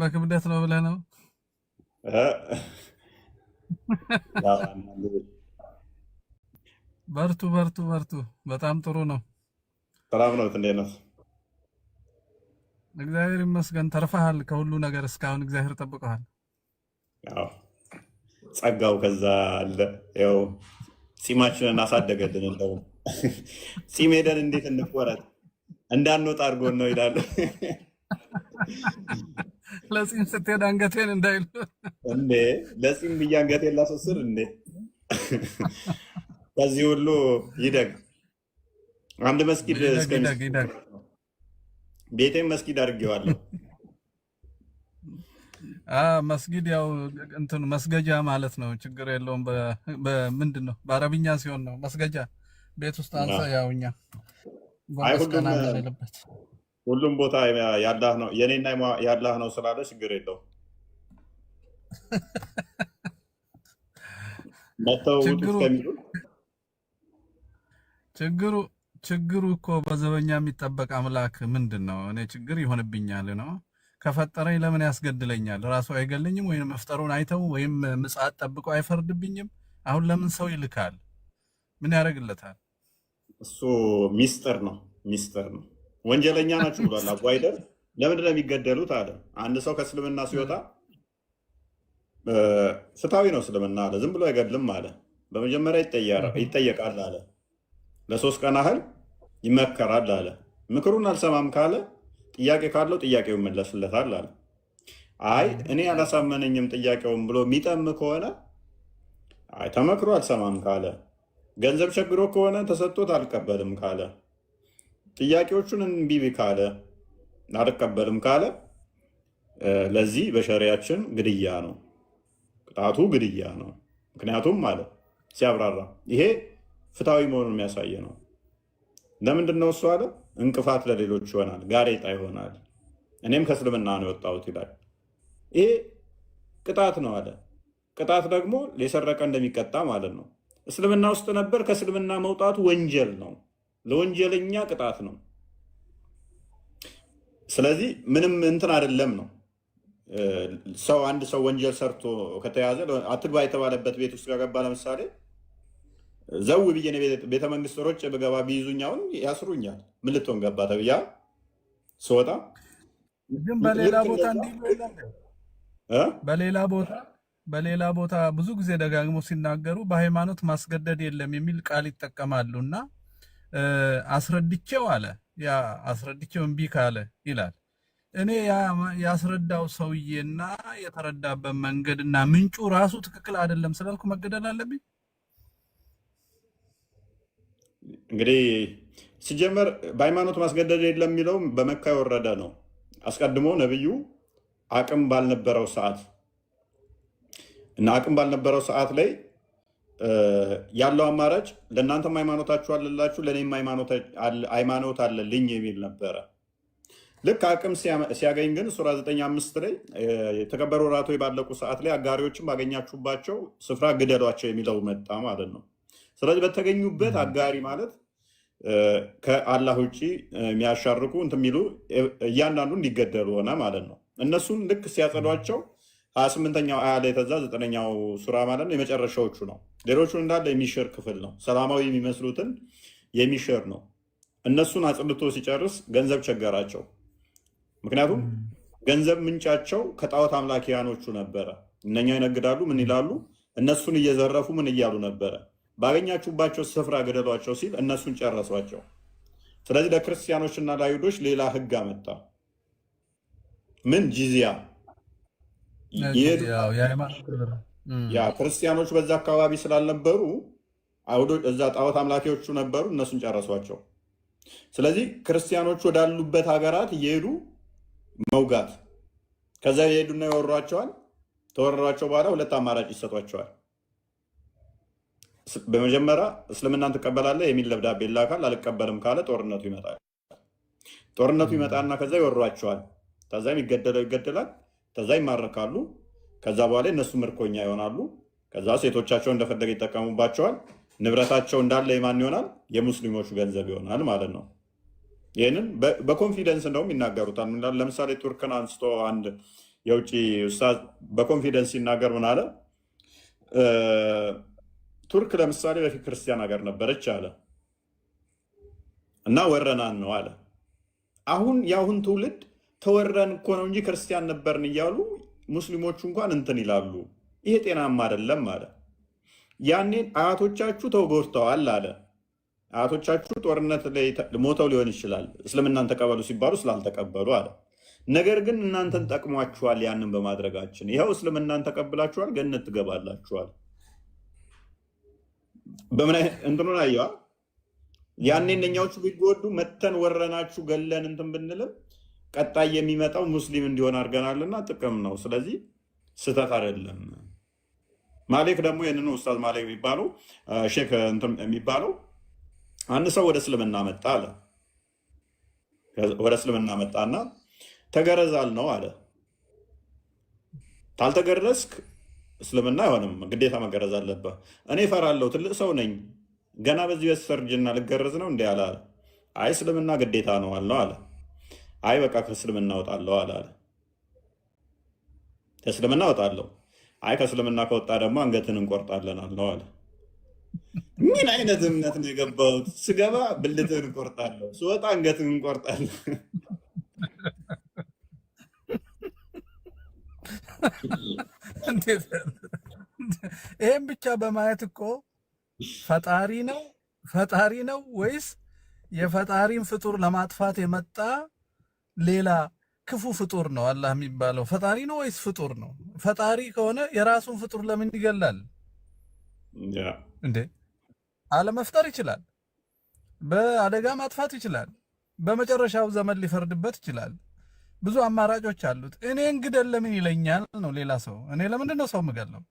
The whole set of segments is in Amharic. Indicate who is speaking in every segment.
Speaker 1: በክብደት ነው ብለህ ነው? በርቱ በርቱ በርቱ። በጣም ጥሩ ነው።
Speaker 2: ሰላም ነው። እንዴት ነው?
Speaker 1: እግዚአብሔር ይመስገን። ተርፈሃል ከሁሉ ነገር እስካሁን እግዚአብሔር ጠብቀሃል።
Speaker 2: ያው ጸጋው ከዛ አለ። ያው ጺማችንን አሳደገልን። እንደውም ጺም ሄደን እንዴት እንቆረጥ እንዳንወጣ አድርጎን ነው ይላል።
Speaker 1: ለፂም ስትሄድ አንገቴን እንዳይሉ
Speaker 2: እንዴ! ለፂም ብዬ አንገቴን ላስወስድ እንዴ! ከዚህ ሁሉ ይደግ አንድ መስጊድ ቤቴም መስጊድ አድርጌዋለሁ።
Speaker 1: መስጊድ ያው እንትን መስገጃ ማለት ነው። ችግር የለውም። በምንድን ነው በአረብኛ ሲሆን ነው መስገጃ ቤት ውስጥ አንሳ ያውኛ
Speaker 2: ሁሉም ቦታ ያላህ የኔና ያላህ ነው ስላለ ችግር የለው።
Speaker 1: ችግሩ ችግሩ እኮ በዘበኛ የሚጠበቅ አምላክ ምንድን ነው? እኔ ችግር ይሆንብኛል ነው ከፈጠረኝ ለምን ያስገድለኛል? ራሱ አይገለኝም ወይም መፍጠሩን አይተው ወይም ምጽአት ጠብቆ አይፈርድብኝም? አሁን ለምን ሰው ይልካል? ምን ያደርግለታል?
Speaker 2: እሱ ሚስጥር ነው፣ ሚስጥር ነው። ወንጀለኛ ናችሁ ብሏል። አቡ አይደር ለምንድን ነው የሚገደሉት አለ። አንድ ሰው ከእስልምና ሲወጣ ፍትሐዊ ነው እስልምና አለ። ዝም ብሎ አይገድልም አለ። በመጀመሪያ ይጠየቃል አለ። ለሶስት ቀን ያህል ይመከራል አለ። ምክሩን አልሰማም ካለ ጥያቄ ካለው ጥያቄው ይመለስለታል አለ። አይ እኔ አላሳመነኝም ጥያቄውን ብሎ የሚጠም ከሆነ አይ ተመክሮ አልሰማም ካለ ገንዘብ ቸግሮ ከሆነ ተሰጥቶት አልቀበልም ካለ ጥያቄዎቹን እምቢ ካለ አልቀበልም ካለ ለዚህ በሸሪያችን ግድያ ነው፣ ቅጣቱ ግድያ ነው። ምክንያቱም ማለት ሲያብራራ ይሄ ፍትሐዊ መሆኑን የሚያሳየ ነው። ለምንድን ነው እሱ አለ እንቅፋት ለሌሎች ይሆናል፣ ጋሬጣ ይሆናል። እኔም ከእስልምና ነው የወጣሁት ይላል። ይሄ ቅጣት ነው አለ። ቅጣት ደግሞ የሰረቀ እንደሚቀጣ ማለት ነው። እስልምና ውስጥ ነበር፣ ከእስልምና መውጣቱ ወንጀል ነው። ለወንጀለኛ ቅጣት ነው። ስለዚህ ምንም እንትን አይደለም ነው ሰው አንድ ሰው ወንጀል ሰርቶ ከተያዘ አትግባ የተባለበት ቤት ውስጥ ከገባ ለምሳሌ ዘው ብዬ ቤተ መንግስት ሮጬ ብገባ አሁን ያስሩኛል። ምን ልትሆን ገባ ተብያ ስወጣ
Speaker 1: ግን በሌላ ቦታ በሌላ ቦታ በሌላ ቦታ ብዙ ጊዜ ደጋግሞ ሲናገሩ በሃይማኖት ማስገደድ የለም የሚል ቃል ይጠቀማሉ እና አስረድቼው አለ ያ አስረድቼው እምቢ ካለ ይላል። እኔ ያስረዳው ሰውዬና የተረዳበት መንገድና ምንጩ ራሱ ትክክል አይደለም ስላልኩ መገደል አለብኝ።
Speaker 2: እንግዲህ ሲጀመር በሃይማኖት ማስገደድ የለም የሚለው በመካ የወረደ ነው። አስቀድሞ ነቢዩ አቅም ባልነበረው ሰዓት እና አቅም ባልነበረው ሰዓት ላይ ያለው አማራጭ ለእናንተም ሃይማኖታችሁ አለላችሁ ለእኔም ሃይማኖት አለልኝ የሚል ነበረ። ልክ አቅም ሲያገኝ ግን ሱራ 95 ላይ የተከበሩ ወራት ባለቁ ሰዓት ላይ አጋሪዎችን ባገኛችሁባቸው ስፍራ ግደሏቸው የሚለው መጣ ማለት ነው። ስለዚህ በተገኙበት አጋሪ ማለት ከአላህ ውጭ የሚያሻርኩ እንትን የሚሉ እያንዳንዱ እንዲገደሉ ሆነ ማለት ነው። እነሱን ልክ ሲያጸዷቸው ሀያ ስምንተኛው አያ ላይ ተዛ ዘጠነኛው ሱራ ማለት ነው የመጨረሻዎቹ ነው። ሌሎቹን እንዳለ የሚሽር ክፍል ነው። ሰላማዊ የሚመስሉትን የሚሽር ነው። እነሱን አጽድቶ ሲጨርስ ገንዘብ ቸገራቸው። ምክንያቱም ገንዘብ ምንጫቸው ከጣዖት አምላኪያኖቹ ነበረ። እነኛው ይነግዳሉ፣ ምን ይላሉ? እነሱን እየዘረፉ ምን እያሉ ነበረ? ባገኛችሁባቸው ስፍራ ገደሏቸው ሲል እነሱን ጨረሷቸው። ስለዚህ ለክርስቲያኖችና ለአይሁዶች ሌላ ህግ አመጣ። ምን ጂዚያ ያ ክርስቲያኖች በዛ አካባቢ ስላልነበሩ እዛ ጣዖት አምላኪዎቹ ነበሩ፣ እነሱን ጨረሷቸው። ስለዚህ ክርስቲያኖች ወዳሉበት ሀገራት እየሄዱ መውጋት፣ ከዛ የሄዱና ይወሯቸዋል። ተወረሯቸው በኋላ ሁለት አማራጭ ይሰጧቸዋል። በመጀመሪያ እስልምናን ትቀበላለህ የሚል ደብዳቤ ላካል። አልቀበልም ካለ ጦርነቱ ይመጣል። ጦርነቱ ይመጣና ከዛ ይወሯቸዋል። ከዛም ይገደለው ይገደላል። ከዛ ይማረካሉ። ከዛ በኋላ እነሱ ምርኮኛ ይሆናሉ። ከዛ ሴቶቻቸው እንደፈለገ ይጠቀሙባቸዋል። ንብረታቸው እንዳለ የማን ይሆናል? የሙስሊሞቹ ገንዘብ ይሆናል ማለት ነው። ይህንን በኮንፊደንስ እንደውም ይናገሩታል። ለምሳሌ ቱርክን አንስቶ አንድ የውጭ ኡስታዝ በኮንፊደንስ ሲናገር ምን አለ? ቱርክ ለምሳሌ በፊት ክርስቲያን ሀገር ነበረች አለ እና ወረናን ነው አለ። አሁን የአሁን ትውልድ ተወረን እኮ ነው እንጂ ክርስቲያን ነበርን እያሉ ሙስሊሞቹ እንኳን እንትን ይላሉ። ይሄ ጤናማ አይደለም አለ። ያኔን አያቶቻችሁ ተጎድተዋል አለ። አያቶቻችሁ ጦርነት ላይ ሞተው ሊሆን ይችላል እስልምናን ተቀበሉ ሲባሉ ስላልተቀበሉ አለ። ነገር ግን እናንተን ጠቅሟችኋል፣ ያንን በማድረጋችን ይኸው እስልምናን ተቀብላችኋል፣ ገነት ትገባላችኋል። በምን እንትኑን አየዋ ያኔ እነኛዎቹ ቢጎዱ መተን ወረናችሁ ገለን እንትን ብንልም ቀጣይ የሚመጣው ሙስሊም እንዲሆን አድርገናልና ጥቅም ነው። ስለዚህ ስህተት አይደለም። ማሌክ ደግሞ ይህንኑ ኡስታዝ ማሌክ የሚባለው ሼክ የሚባለው አንድ ሰው ወደ እስልምና መጣ አለ። ወደ እስልምና መጣና ተገረዛል ነው አለ። ታልተገረዝክ እስልምና አይሆንም፣ ግዴታ መገረዝ አለብህ። እኔ እፈራለሁ፣ ትልቅ ሰው ነኝ፣ ገና በዚህ በሰርጅና ልገረዝ ነው እንዲ አለ። አይ እስልምና ግዴታ ነው አለው አለ አይ በቃ ከእስልምና እወጣለሁ አላለ። ከእስልምና እወጣለሁ። አይ ከእስልምና ከወጣ ደግሞ አንገትን እንቆርጣለን አለው አለ። ምን አይነት እምነት ነው የገባሁት? ስገባ ብልትን እንቆርጣለሁ፣ ስወጣ አንገትን እንቆርጣለን።
Speaker 1: ይህም ብቻ በማየት እኮ ፈጣሪ ነው ፈጣሪ ነው ወይስ የፈጣሪን ፍጡር ለማጥፋት የመጣ ሌላ ክፉ ፍጡር ነው አላህ የሚባለው ፈጣሪ ነው ወይስ ፍጡር ነው? ፈጣሪ ከሆነ የራሱን ፍጡር ለምን ይገላል እንዴ? አለመፍጠር ይችላል። በአደጋ ማጥፋት ይችላል። በመጨረሻው ዘመን ሊፈርድበት ይችላል። ብዙ አማራጮች አሉት። እኔ እንግደል ለምን ይለኛል ነው ሌላ ሰው። እኔ ለምንድን ነው ሰው ምገለው?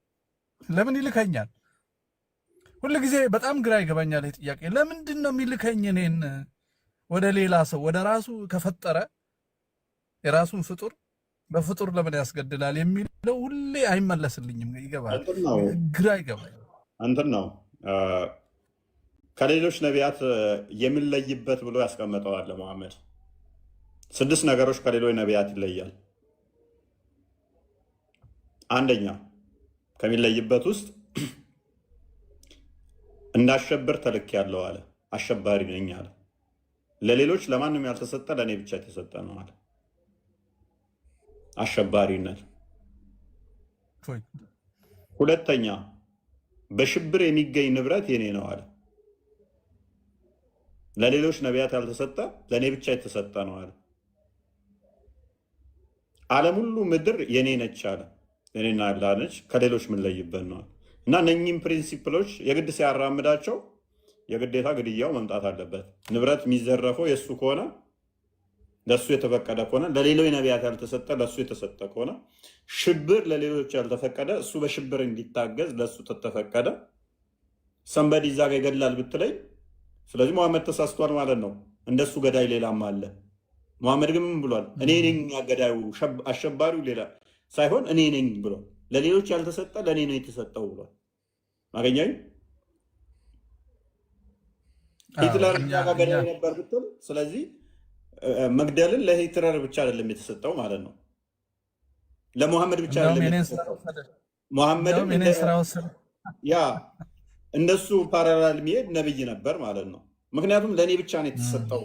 Speaker 1: ለምን ይልከኛል? ጊዜ በጣም ግራ ይገባኛል ይህ ጥያቄ። ለምንድን ነው የሚልከኝ እኔን ወደ ሌላ ሰው? ወደ ራሱ ከፈጠረ የራሱን ፍጡር በፍጡር ለምን ያስገድላል የሚለው ሁሌ አይመለስልኝም። ይገባል፣ ግራ ይገባል።
Speaker 2: እንትን ነው ከሌሎች ነቢያት የምንለይበት ብሎ ያስቀመጠዋል ለመሐመድ ስድስት ነገሮች ከሌሎች ነቢያት ይለያል። አንደኛ ከሚለይበት ውስጥ እንዳሸብር ተልክ ያለው አለ። አሸባሪ ነኝ አለ። ለሌሎች ለማንም ያልተሰጠ ለእኔ ብቻ የተሰጠ ነው አለ። አሸባሪነት። ሁለተኛ በሽብር የሚገኝ ንብረት የኔ ነው አለ። ለሌሎች ነቢያት ያልተሰጠ ለእኔ ብቻ የተሰጠ ነው አለ። ዓለም ሁሉ ምድር የኔ ነች አለ። እኔና ያላነች ከሌሎች ምንለይበት ነው እና እነኚህም ፕሪንሲፕሎች የግድ ሲያራምዳቸው የግዴታ ግድያው መምጣት አለበት። ንብረት የሚዘረፈው የእሱ ከሆነ ለእሱ የተፈቀደ ከሆነ ለሌሎች ነቢያት ያልተሰጠ ለእሱ የተሰጠ ከሆነ ሽብር ለሌሎች ያልተፈቀደ እሱ በሽብር እንዲታገዝ ለእሱ ተተፈቀደ። ሰንበድ እዛ ጋ ይገድላል ብትለኝ፣ ስለዚህ መሐመድ ተሳስቷል ማለት ነው። እንደሱ ገዳይ ሌላም አለ። መሐመድ ግን ምን ብሏል? እኔ ነኝ ገዳዩ፣ አሸባሪው ሌላ ሳይሆን እኔ ነኝ ብሏል። ለሌሎች ያልተሰጠ ለእኔ ነው የተሰጠው ብሏል። ማገኛዊ ሂትለር ገዳይ ነበር ብትል ስለዚህ መግደልን ለሂትለር ብቻ አይደለም የተሰጠው ማለት ነው። ለሙሐመድ ብቻ ሙሐመድም ያ እንደሱ ፓራላል የሚሄድ ነብይ ነበር ማለት ነው። ምክንያቱም ለእኔ ብቻ ነው የተሰጠው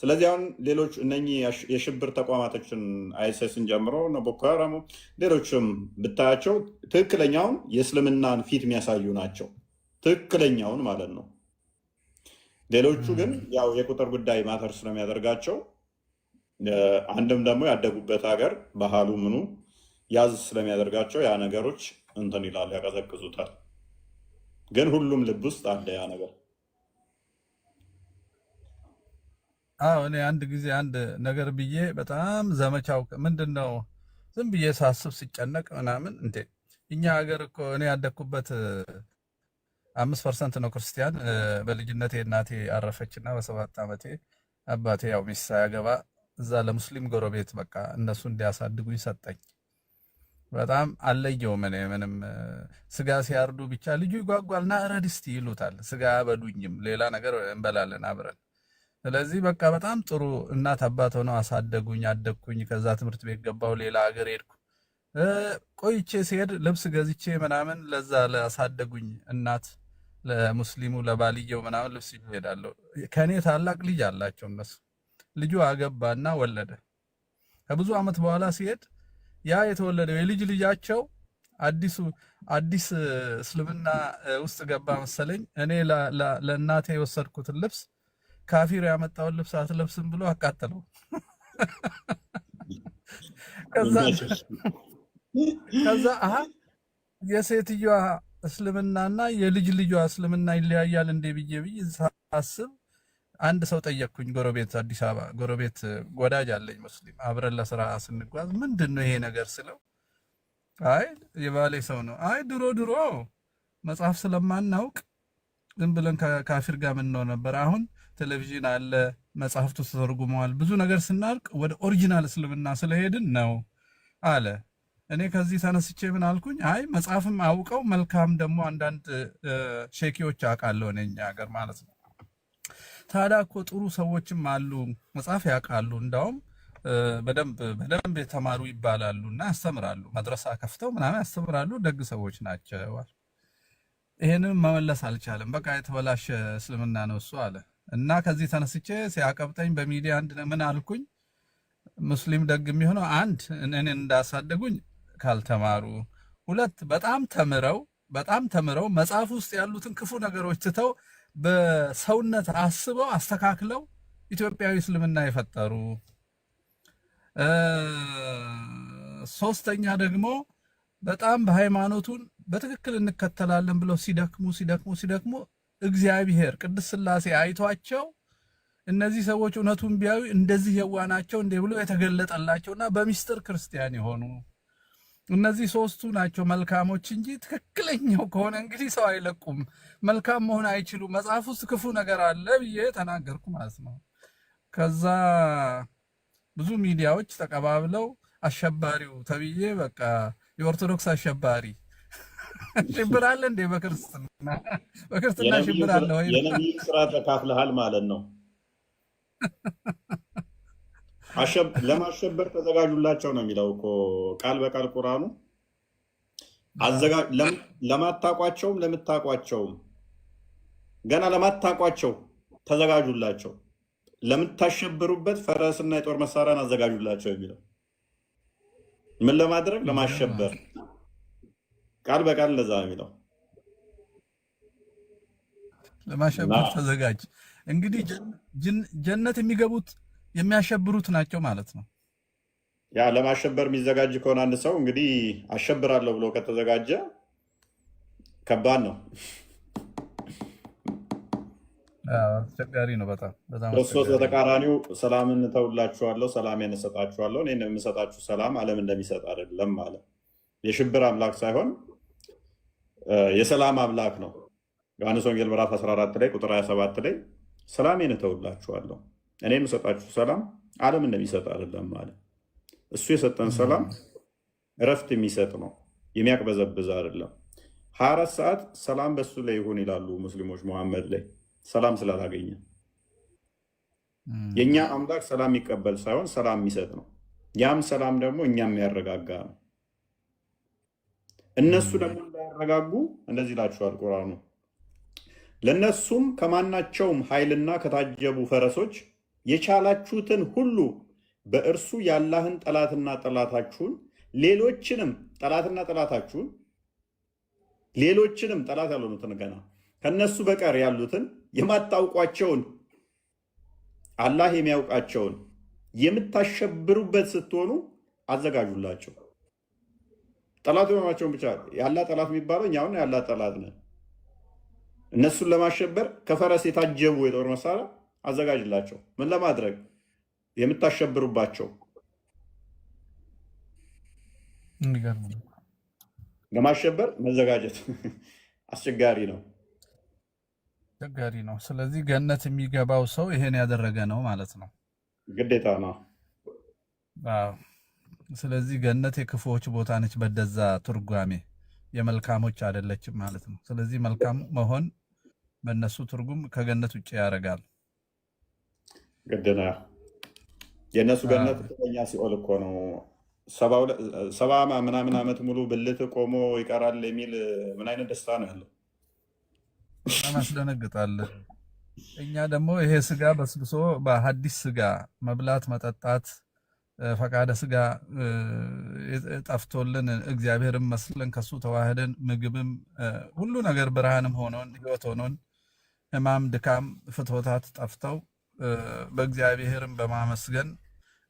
Speaker 2: ስለዚህ አሁን ሌሎች እነኚህ የሽብር ተቋማቶችን አይሰስን ጀምሮ ቦኮ ሃራም፣ ሌሎችም ብታያቸው ትክክለኛውን የእስልምናን ፊት የሚያሳዩ ናቸው። ትክክለኛውን ማለት ነው። ሌሎቹ ግን ያው የቁጥር ጉዳይ ማተርስ ነው የሚያደርጋቸው። አንድም ደግሞ ያደጉበት ሀገር ባህሉ ምኑ ያዝ ስለሚያደርጋቸው ያ ነገሮች እንትን ይላል፣ ያቀዘቅዙታል። ግን ሁሉም ልብ ውስጥ አለ ያ ነገር።
Speaker 1: አዎ እኔ አንድ ጊዜ አንድ ነገር ብዬ በጣም ዘመቻው ምንድን ነው ዝም ብዬ ሳስብ ሲጨነቅ ምናምን እንዴ እኛ ሀገር እኮ እኔ ያደግኩበት አምስት ፐርሰንት ነው ክርስቲያን። በልጅነቴ እናቴ አረፈች በሰባት ዓመቴ አባቴ ያው ሚስት ሳያገባ እዛ ለሙስሊም ጎረቤት በቃ እነሱ እንዲያሳድጉኝ ሰጠኝ። በጣም አለየውም። እኔ ምንም ስጋ ሲያርዱ ብቻ ልጁ ይጓጓልና እረድ እስቲ ይሉታል። ስጋ አበሉኝም ሌላ ነገር እንበላለን አብረን። ስለዚህ በቃ በጣም ጥሩ እናት አባት ሆነው አሳደጉኝ። አደግኩኝ። ከዛ ትምህርት ቤት ገባው ሌላ ሀገር ሄድኩ። ቆይቼ ሲሄድ ልብስ ገዝቼ ምናምን ለዛ ላሳደጉኝ እናት ለሙስሊሙ ለባልየው ምናምን ልብስ ይሄዳለሁ። ከእኔ ታላቅ ልጅ አላቸው እነሱ። ልጁ አገባና ወለደ። ከብዙ ዓመት በኋላ ሲሄድ ያ የተወለደው የልጅ ልጃቸው አዲሱ አዲስ እስልምና ውስጥ ገባ መሰለኝ። እኔ ለእናቴ የወሰድኩትን ልብስ ካፊር ያመጣውን ልብስ አትለብስም ብሎ አቃጠለው። ከዛ አሀ የሴትዮዋ እስልምናና የልጅ ልጇ እስልምና ይለያያል እንዴ ብዬ ብዬ ሳስብ አንድ ሰው ጠየቅኩኝ። ጎረቤት አዲስ አበባ ጎረቤት ወዳጅ አለኝ ሙስሊም፣ አብረን ለስራ ስንጓዝ ምንድን ነው ይሄ ነገር ስለው አይ የባሌ ሰው ነው። አይ ድሮ ድሮ መጽሐፍ ስለማናውቅ ዝም ብለን ካፊር ጋር ነው ነበር። አሁን ቴሌቪዥን አለ፣ መጽሐፍቱ ተተርጉመዋል፣ ብዙ ነገር ስናርቅ ወደ ኦሪጂናል እስልምና ስለሄድን ነው አለ። እኔ ከዚህ ተነስቼ ምን አልኩኝ? አይ መጽሐፍም አውቀው መልካም ደግሞ አንዳንድ ሼኪዎች አውቃለሁ እኔ እኛ ሀገር ማለት ነው። ታዲያ እኮ ጥሩ ሰዎችም አሉ መጽሐፍ ያውቃሉ፣ እንዳውም በደንብ በደንብ የተማሩ ይባላሉ እና ያስተምራሉ፣ መድረሳ ከፍተው ምናምን ያስተምራሉ፣ ደግ ሰዎች ናቸው። ይሄንን መመለስ አልቻለም። በቃ የተበላሸ እስልምና ነው እሱ አለ እና ከዚህ ተነስቼ ሲያቀብጠኝ በሚዲያ አንድ ምን አልኩኝ? ሙስሊም ደግ የሚሆነው አንድ እኔን እንዳሳደጉኝ ካልተማሩ፣ ሁለት በጣም ተምረው በጣም ተምረው መጽሐፍ ውስጥ ያሉትን ክፉ ነገሮች ትተው በሰውነት አስበው አስተካክለው ኢትዮጵያዊ እስልምና የፈጠሩ ሶስተኛ ደግሞ በጣም በሃይማኖቱን በትክክል እንከተላለን ብለው ሲደክሙ ሲደክሙ ሲደክሙ እግዚአብሔር ቅድስት ስላሴ አይቷቸው እነዚህ ሰዎች እውነቱን ቢያዩ እንደዚህ የዋናቸው እንደ ብሎ የተገለጠላቸውና በሚስጥር ክርስቲያን የሆኑ እነዚህ ሶስቱ ናቸው መልካሞች እንጂ ትክክለኛው ከሆነ እንግዲህ ሰው አይለቁም። መልካም መሆን አይችሉም። መጽሐፍ ውስጥ ክፉ ነገር አለ ብዬ ተናገርኩ ማለት ነው። ከዛ ብዙ ሚዲያዎች ተቀባብለው አሸባሪው ተብዬ በቃ የኦርቶዶክስ አሸባሪ ሽብር አለ እንዴ? በክርስትና በክርስትና ሽብር አለ ወይ?
Speaker 2: ስራ ተካፍልሃል ማለት ነው። ለማሸበር ተዘጋጁላቸው ነው የሚለው እኮ ቃል በቃል ቁራኑ። ለማታቋቸውም ለምታቋቸውም ገና ለማታቋቸው ተዘጋጁላቸው፣ ለምታሸብሩበት ፈረስና የጦር መሳሪያን አዘጋጁላቸው የሚለው ምን ለማድረግ ለማሸበር ቃል በቃል ለዛ የሚለው
Speaker 1: ለማሸበር ተዘጋጅ። እንግዲህ ጀነት የሚገቡት የሚያሸብሩት ናቸው ማለት ነው።
Speaker 2: ያ ለማሸበር የሚዘጋጅ ከሆነ አንድ ሰው እንግዲህ አሸብራለሁ ብሎ ከተዘጋጀ ከባድ ነው፣
Speaker 1: አስቸጋሪ ነው በጣም
Speaker 2: ክርስቶስ በተቃራኒው ሰላም እንተውላችኋለሁ፣ ሰላም እሰጣችኋለሁ፣ እኔ የምሰጣችሁ ሰላም ዓለም እንደሚሰጥ አይደለም አለ። የሽብር አምላክ ሳይሆን የሰላም አምላክ ነው። ዮሐንስ ወንጌል ምዕራፍ 14 ላይ ቁጥር 27 ላይ ሰላም እተውላችኋለሁ እኔ የምሰጣችሁ ሰላም ዓለም እንደሚሰጥ አይደለም አለ። እሱ የሰጠን ሰላም እረፍት የሚሰጥ ነው፣ የሚያቅበዘብዝ አይደለም። ሀያ አራት ሰዓት ሰላም በሱ ላይ ይሆን ይላሉ ሙስሊሞች። መሐመድ ላይ ሰላም ስላላገኘ የእኛ አምላክ ሰላም የሚቀበል ሳይሆን ሰላም የሚሰጥ ነው። ያም ሰላም ደግሞ እኛ የሚያረጋጋ ነው። እነሱ ደግሞ እንዳያረጋጉ እንደዚህ ይላችኋል ቁርአኑ ለእነሱም ከማናቸውም ኃይልና ከታጀቡ ፈረሶች የቻላችሁትን ሁሉ በእርሱ የአላህን ጠላትና ጠላታችሁን ሌሎችንም ጠላትና ጠላታችሁን ሌሎችንም ጠላት ያልሆኑትን ገና ከነሱ በቀር ያሉትን የማታውቋቸውን አላህ የሚያውቃቸውን የምታሸብሩበት ስትሆኑ አዘጋጁላቸው። ጠላት የሆኗቸውን ብቻ ያላ ጠላት የሚባለው እኛውን ያላ ጠላት ነን። እነሱን ለማሸበር ከፈረስ የታጀቡ የጦር መሳሪያ አዘጋጅላቸው። ምን ለማድረግ የምታሸብሩባቸው ለማሸበር መዘጋጀት አስቸጋሪ ነው፣
Speaker 1: አስቸጋሪ ነው። ስለዚህ ገነት የሚገባው ሰው ይሄን ያደረገ ነው ማለት ነው፣ ግዴታ ነው። ስለዚህ ገነት የክፉዎች ቦታ ነች። በደዛ ትርጓሜ የመልካሞች አይደለችም ማለት ነው። ስለዚህ መልካም መሆን በእነሱ ትርጉም ከገነት ውጭ ያደርጋል።
Speaker 2: ግድና የእነሱ ገነት እኛ ሲኦል እኮ ነው። ሰባ ምናምን ዓመት ሙሉ ብልት ቆሞ ይቀራል የሚል ምን አይነት ደስታ ነው ያለው?
Speaker 1: ያስደነግጣል። እኛ ደግሞ ይሄ ስጋ በስብሶ በሀዲስ ስጋ መብላት መጠጣት ፈቃደ ስጋ ጠፍቶልን እግዚአብሔርን መስለን ከሱ ተዋህደን ምግብም ሁሉ ነገር ብርሃንም ሆኖን ህይወት ሆኖን ህማም፣ ድካም፣ ፍትወታት ጠፍተው በእግዚአብሔርን በማመስገን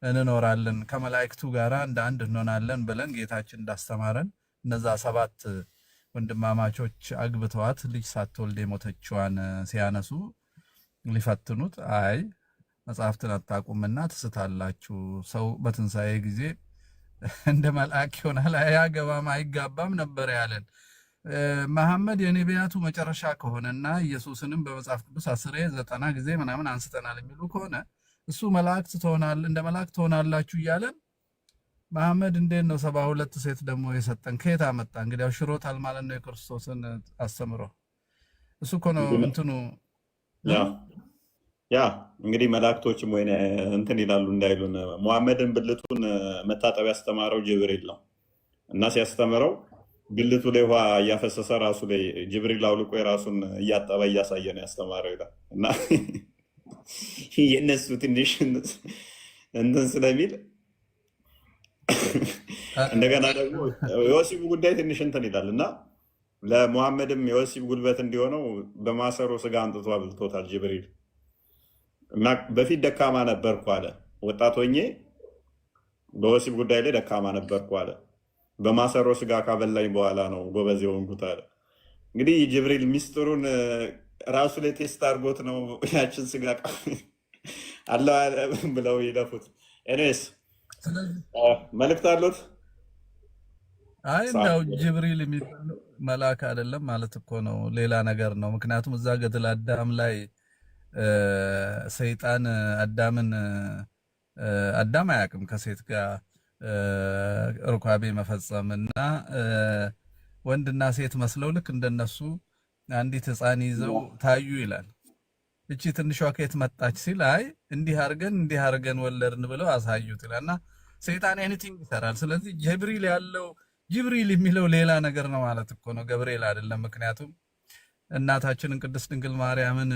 Speaker 1: እንኖራለን ከመላእክቱ ጋር እንደ አንድ እንሆናለን ብለን ጌታችን እንዳስተማረን እነዛ ሰባት ወንድማማቾች አግብተዋት ልጅ ሳትወልድ የሞተችዋን ሲያነሱ ሊፈትኑት፣ አይ መጽሐፍትን አታቁምና ትስታላችሁ፣ ሰው በትንሣኤ ጊዜ እንደ መልአክ ይሆናል፣ አያገባም፣ አይጋባም ነበር ያለን። መሐመድ የነቢያቱ መጨረሻ ከሆነ እና ኢየሱስንም በመጽሐፍ ቅዱስ አስሬ ዘጠና ጊዜ ምናምን አንስተናል የሚሉ ከሆነ እሱ መላእክት ትሆናል እንደ መላእክት ትሆናላችሁ እያለን መሐመድ እንዴት ነው ሰባ ሁለት ሴት ደግሞ የሰጠን ከየት አመጣ? እንግዲያው ሽሮታል ማለት ነው የክርስቶስን አስተምሮ። እሱ እኮ ነው እንትኑ
Speaker 2: ያ እንግዲህ መላእክቶችም ወይ እንትን ይላሉ እንዳይሉን መሐመድን ብልቱን መታጠብ ያስተማረው ጅብሪል ነው እና ሲያስተምረው ግልቱ ላይ ውሃ እያፈሰሰ ራሱ ላይ ጅብሪል አውልቆ የራሱን እያጠበ እያሳየ ነው ያስተማረው ይላል። እና የእነሱ ትንሽ እንትን ስለሚል እንደገና ደግሞ የወሲቡ ጉዳይ ትንሽ እንትን ይላል እና ለሙሐመድም የወሲብ ጉልበት እንዲሆነው በማሰሮ ስጋ አንጥቶ አብልቶታል ጅብሪል። እና በፊት ደካማ ነበርኩ አለ፣ ወጣት ሆኜ በወሲብ ጉዳይ ላይ ደካማ ነበርኩ አለ በማሰሮ ስጋ ካበላኝ በኋላ ነው ጎበዝ የሆንኩት አለ። እንግዲህ ጅብሪል ሚስጥሩን ራሱ ላይ ቴስት አድርጎት ነው ያችን ስጋ አለ ብለው ይለፉት። ኤኒዌይስ መልእክት አሉት።
Speaker 1: አይ እንዳው ጅብሪል የሚባለው መልአክ አይደለም ማለት እኮ ነው፣ ሌላ ነገር ነው። ምክንያቱም እዛ ገድል አዳም ላይ ሰይጣን አዳምን አዳም አያውቅም ከሴት ጋር ርኳቤ መፈጸምና ወንድና ሴት መስለው ልክ እንደነሱ አንዲት ህፃን ይዘው ታዩ ይላል። እቺ ትንሿ ከየት መጣች ሲል አይ እንዲህ አርገን እንዲህ አርገን ወለድን ብለው አሳዩት ይላልና ሰይጣን ኤኒቲንግ ይሰራል። ስለዚህ ጅብሪል ያለው ጅብሪል የሚለው ሌላ ነገር ነው ማለት እኮ ነው፣ ገብርኤል አይደለም። ምክንያቱም እናታችንን ቅድስት ድንግል ማርያምን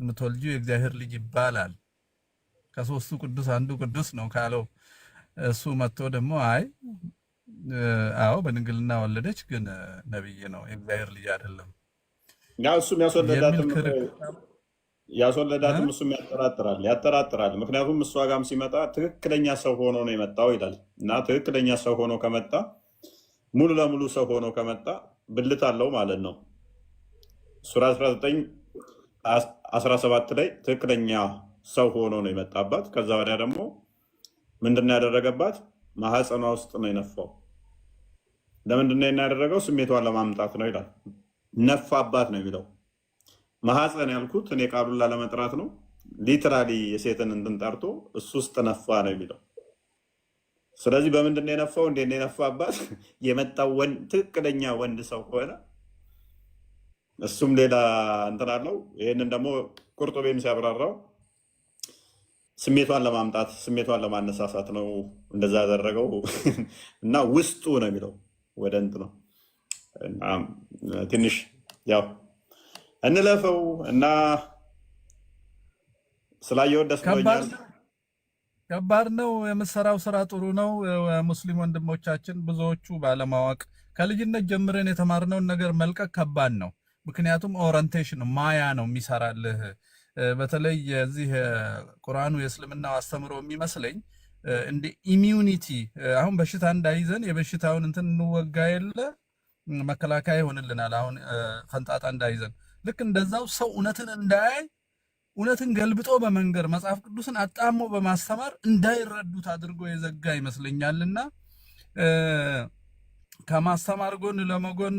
Speaker 1: የምትወልጂው የእግዚአብሔር ልጅ ይባላል። ከሶስቱ ቅዱስ አንዱ ቅዱስ ነው ካለው እሱ መጥቶ ደግሞ አይ አዎ በድንግልና ወለደች፣ ግን ነብይ ነው የእግዚአብሔር ልጅ አይደለም።
Speaker 2: ያ እሱም ያስወለዳትም እሱም ያጠራጥራል ያጠራጥራል። ምክንያቱም እሷ ጋም ሲመጣ ትክክለኛ ሰው ሆኖ ነው የመጣው ይላል እና ትክክለኛ ሰው ሆኖ ከመጣ ሙሉ ለሙሉ ሰው ሆኖ ከመጣ ብልት አለው ማለት ነው። ሱራ 19 17 ላይ ትክክለኛ ሰው ሆኖ ነው የመጣባት። ከዛ ወዲያ ደግሞ ምንድን ነው ያደረገባት? ማህፀኗ ውስጥ ነው የነፋው። ለምንድን ነው ያደረገው? ስሜቷን ለማምጣት ነው ይላል። ነፋባት ነው የሚለው። ማህፀን ያልኩት እኔ ቃሉላ ለመጥራት ነው። ሊትራሊ የሴትን እንትን ጠርቶ እሱ ውስጥ ነፋ ነው የሚለው። ስለዚህ በምንድን ነው የነፋው? እንዴት ነው የነፋባት? የመጣው ትክክለኛ ወንድ ሰው ከሆነ እሱም ሌላ እንትን አለው። ይህንን ደግሞ ቁርጡቤም ሲያብራራው ስሜቷን ለማምጣት ስሜቷን ለማነሳሳት ነው እንደዛ ያደረገው እና ውስጡ ነው የሚለው ወደ እንት ነው ትንሽ ያው እንለፈው እና ስላየውን ደስ
Speaker 1: ብሎኛል። ከባድ ነው የምሰራው ስራ ጥሩ ነው። ሙስሊም ወንድሞቻችን ብዙዎቹ ባለማወቅ ከልጅነት ጀምረን የተማርነውን ነገር መልቀቅ ከባድ ነው። ምክንያቱም ኦሪንቴሽን ማያ ነው የሚሰራልህ በተለይ የዚህ ቁርአኑ የእስልምናው አስተምሮ የሚመስለኝ እንደ ኢሚዩኒቲ አሁን በሽታ እንዳይዘን የበሽታውን እንትን እንወጋ የለ መከላከያ ይሆንልናል። አሁን ፈንጣጣ እንዳይዘን ልክ እንደዛው ሰው እውነትን እንዳያይ እውነትን ገልብጦ በመንገር መጽሐፍ ቅዱስን አጣሞ በማስተማር እንዳይረዱት አድርጎ የዘጋ ይመስለኛልና ከማስተማር ጎን ለመጎን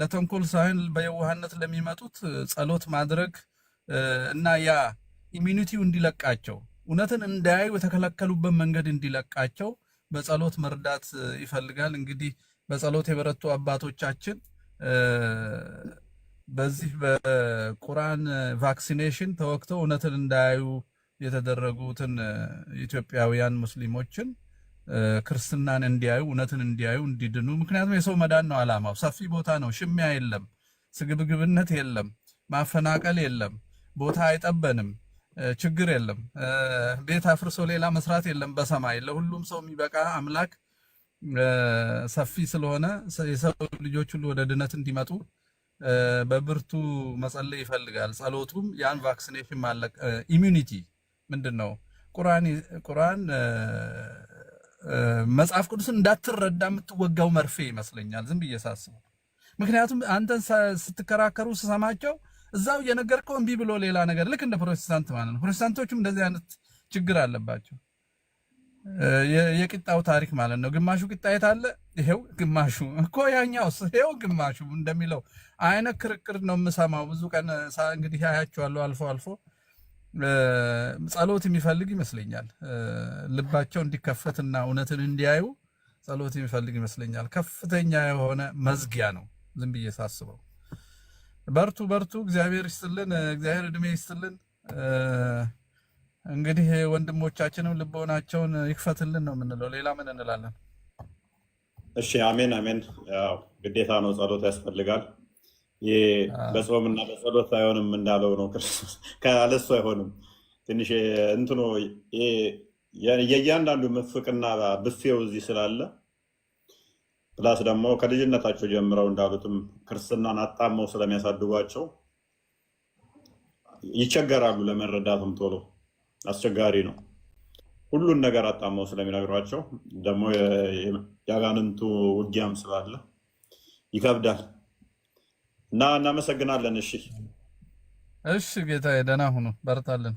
Speaker 1: ለተንኮል ሳይሆን በየዋህነት ለሚመጡት ጸሎት ማድረግ እና ያ ኢሚኒቲው እንዲለቃቸው እውነትን እንዳያዩ የተከለከሉበት መንገድ እንዲለቃቸው በጸሎት መርዳት ይፈልጋል። እንግዲህ በጸሎት የበረቱ አባቶቻችን በዚህ በቁርአን ቫክሲኔሽን ተወቅተው እውነትን እንዳያዩ የተደረጉትን ኢትዮጵያውያን ሙስሊሞችን ክርስትናን እንዲያዩ እውነትን እንዲያዩ እንዲድኑ፣ ምክንያቱም የሰው መዳን ነው አላማው። ሰፊ ቦታ ነው፣ ሽሚያ የለም፣ ስግብግብነት የለም፣ ማፈናቀል የለም። ቦታ አይጠበንም፣ ችግር የለም። ቤት አፍርሶ ሌላ መስራት የለም። በሰማይ ለሁሉም ሰው የሚበቃ አምላክ ሰፊ ስለሆነ የሰው ልጆች ሁሉ ወደ ድነት እንዲመጡ በብርቱ መጸለይ ይፈልጋል። ጸሎቱም ያን ቫክሲኔሽን ማለቅ ኢሚኒቲ ምንድን ነው? ቁርአን መጽሐፍ ቅዱስን እንዳትረዳ የምትወጋው መርፌ ይመስለኛል፣ ዝም ብዬ ሳስበው። ምክንያቱም አንተን ስትከራከሩ ስሰማቸው እዛው እየነገርከው እምቢ ብሎ ሌላ ነገር ልክ እንደ ፕሮቴስታንት ማለት ነው። ፕሮቴስታንቶቹም እንደዚህ አይነት ችግር አለባቸው። የቂጣው ታሪክ ማለት ነው። ግማሹ ቂጣ የት አለ? ይሄው ግማሹ እኮ ያኛውስ፣ ይሄው ግማሹ እንደሚለው አይነት ክርክር ነው የምሰማው። ብዙ ቀን እንግዲህ ያያቸዋለሁ አልፎ አልፎ ጸሎት የሚፈልግ ይመስለኛል። ልባቸው እንዲከፈትና እውነትን እንዲያዩ ጸሎት የሚፈልግ ይመስለኛል። ከፍተኛ የሆነ መዝጊያ ነው ዝም ብዬ ሳስበው። በርቱ በርቱ። እግዚአብሔር ይስጥልን፣ እግዚአብሔር እድሜ ይስጥልን። እንግዲህ ወንድሞቻችንም ልቦናቸውን ይክፈትልን ነው የምንለው። ሌላ ምን እንላለን?
Speaker 2: እሺ፣ አሜን አሜን። ያው ግዴታ ነው፣ ጸሎት ያስፈልጋል። በጾም እና በጸሎት አይሆንም እንዳለው ነው ክርስቶስ። ካለሱ አይሆንም። ትንሽ እንትኖ የእያንዳንዱ ምፍቅና ብፌው እዚህ ስላለ ፕላስ ደግሞ ከልጅነታቸው ጀምረው እንዳሉትም ክርስትናን አጣመው ስለሚያሳድጓቸው ይቸገራሉ። ለመረዳትም ቶሎ አስቸጋሪ ነው። ሁሉን ነገር አጣመው ስለሚነግሯቸው ደግሞ የአጋንንቱ ውጊያም ስላለ ይከብዳል እና እናመሰግናለን። እሺ፣
Speaker 1: እሺ ጌታዬ፣ ደህና ሁኑ፣ በርታለን።